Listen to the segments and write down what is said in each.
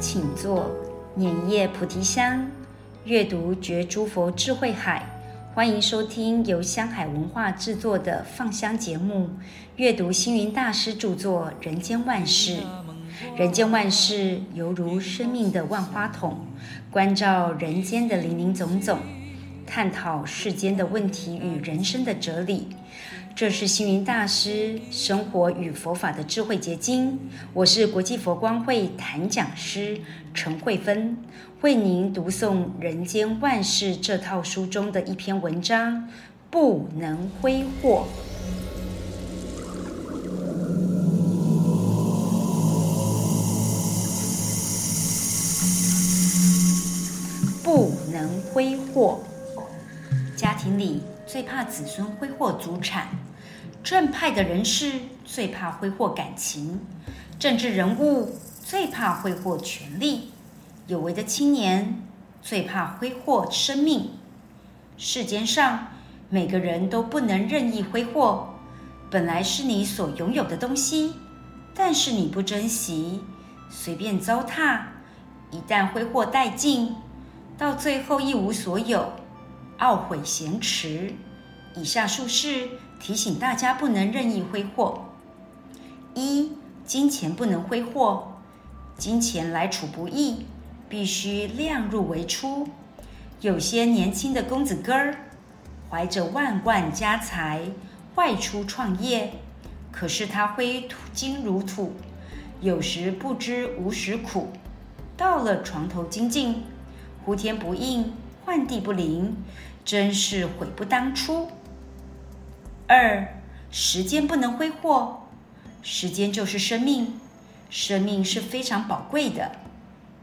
請坐。碾葉菩提香，閱讀覺諸佛智慧海。歡迎收聽由香海文化製作的 Fun 香節目，閱讀星雲大師著作《人間萬事》。人間萬事猶如生命的萬花筒，觀照人間的林林總總，探討世間的問題與人生的哲理，這是星雲大師生活與佛法的智慧結晶。我是國際佛光會檀講師陳慧芬，為您讀誦《人間萬事》這套書中的一篇文章——不能揮霍。能揮霍，家庭裡最怕子孫揮霍祖產；正派的人士最怕揮霍感情；政治人物最怕揮霍權力；有為的青年最怕揮霍生命。世間上每個人都不能任意揮霍，本來是你所擁有的東西，但是你不珍惜，隨便糟蹋，一旦揮霍殆盡。到最後一無所有，懊悔嫌遲。以下數事提醒大家，不能任意揮霍：一、金錢不能揮霍，金錢來處不易，必須量入為出。有些年輕的公子哥兒，懷着萬貫家財外出創業，可是他揮金如土，有時不知無時苦，到了床頭金盡。呼天不應，喚地不靈，真是悔不當初。二、時間不能揮霍，時間就是生命，生命是非常寶貴的。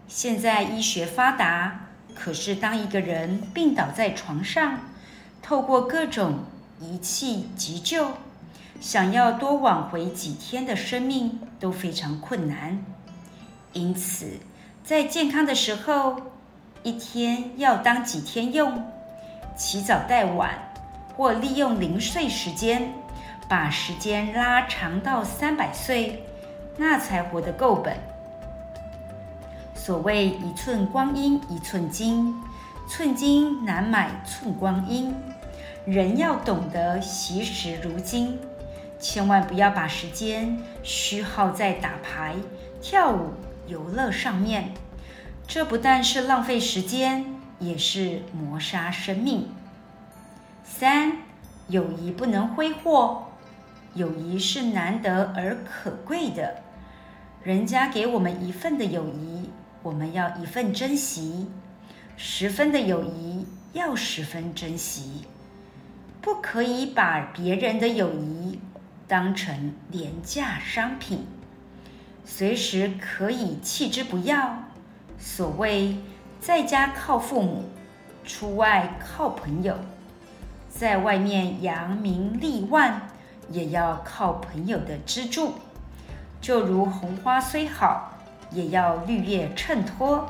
現在醫學發達，可是當一個人病倒在床上，透過各種儀器急救，想要多挽回幾天的生命都非常困難。因此，在健康的時候，一天要當幾天用，起早帶晚，或利用零碎時間，把時間拉長到三百歲，那才活得夠本。所謂一寸光陰一寸金，寸金難買寸光陰，人要懂得惜時如金，千萬不要把時間虛耗在打牌、跳舞、遊樂上面。這不但是浪費時間，也是抹煞生命。三，友誼不能揮霍，友誼是難得而可貴的。人家給我們一份的友誼，我們要一份珍惜；十分的友誼要十分珍惜，不可以把別人的友誼當成廉價商品，隨時可以棄之不要。所謂在家靠父母，出外靠朋友，在外面揚名立萬，也要靠朋友的資助。就如紅花雖好，也要綠葉襯托。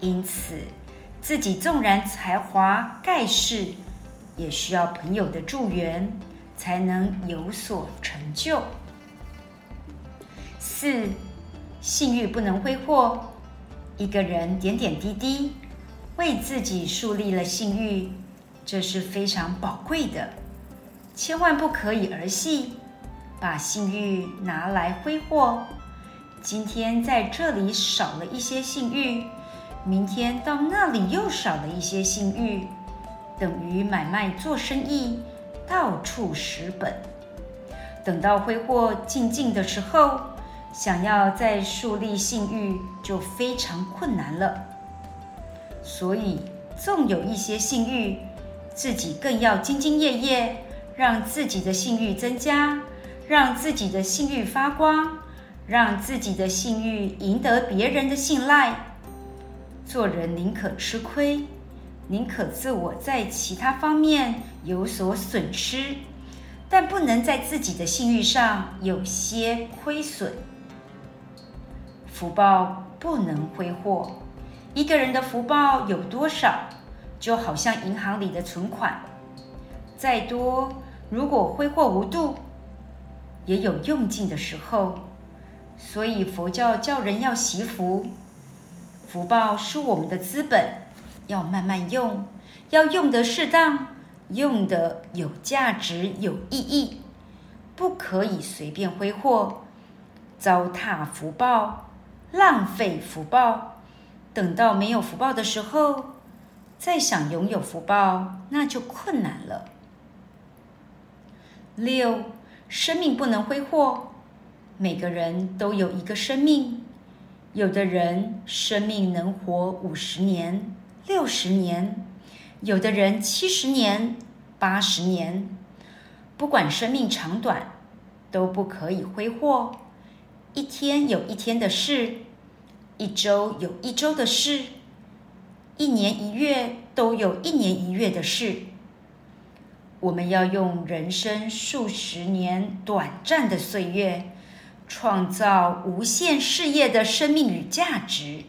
因此，自己縱然才華蓋世，也需要朋友的助緣，才能有所成就。四，信譽不能揮霍。一個人點點滴滴為自己樹立了信譽，這是非常寶貴的，千萬不可以兒戲，把信譽拿來揮霍。今天在這裡少了一些信譽，明天到那裡又少了一些信譽，等於買賣做生意，到處蝕本。等到揮霍淨盡的時候，想要再樹立信譽，就非常困難了。所以，縱有一些信譽，自己更要兢兢業業，讓自己的信譽增加，讓自己的信譽發光，讓自己的信譽贏得別人的信賴。做人寧可吃虧，寧可自我在其他方面有所損失，但不能在自己的信譽上有些虧損。福報不能揮霍。一個人的福報有多少，就好像銀行裡的存款，再多，如果揮霍無度，也有用盡的時候。所以佛教教人要惜福，福報是我們的資本，要慢慢用，要用得適當，用得有價值、有意義，不可以隨便揮霍，糟蹋福報。浪費福報，等到沒有福報的時候，再想擁有福報，那就困難了。六、生命不能揮霍。每個人都有一個生命，有的人生命能活五十年、六十年，有的人七十年、八十年，不管生命長短，都不可以揮霍。一天有一天的事，一周有一周的事，一年一月都有一年一月的事。我們要用人生數十年短暫的歲月，創造無限事業的生命與價值。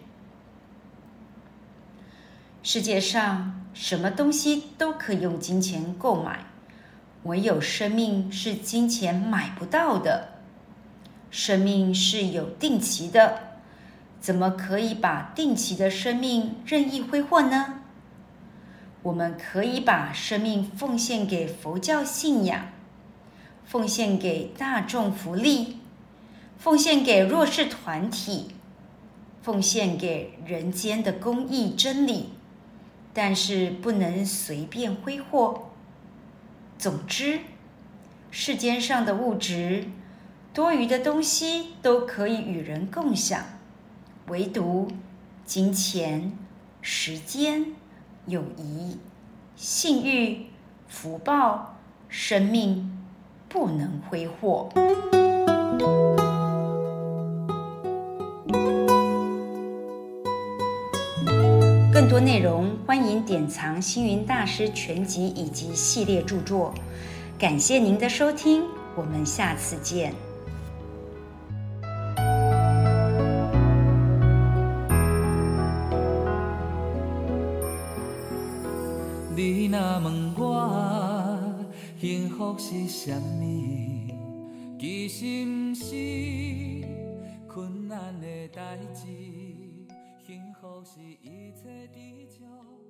世界上什麼東西都可以用金錢購買，唯有生命是金錢買不到的。生命是有定期的，怎麼可以把定期的生命任意揮霍呢？我們可以把生命奉獻給佛教信仰，奉獻給大眾福利，奉獻給弱勢團體，奉獻給人間的公益真理，但是不能隨便揮霍。總之，世間上的物質。多餘的東西都可以與人共享，唯獨金錢、時間、友誼、信譽、福報、生命不能揮霍。更多內容，歡迎典藏星雲大師全集以及系列著作。感謝您的收聽，我們下次見。問我幸福是甚麼？其實不是困難的代志，幸福是一切地少。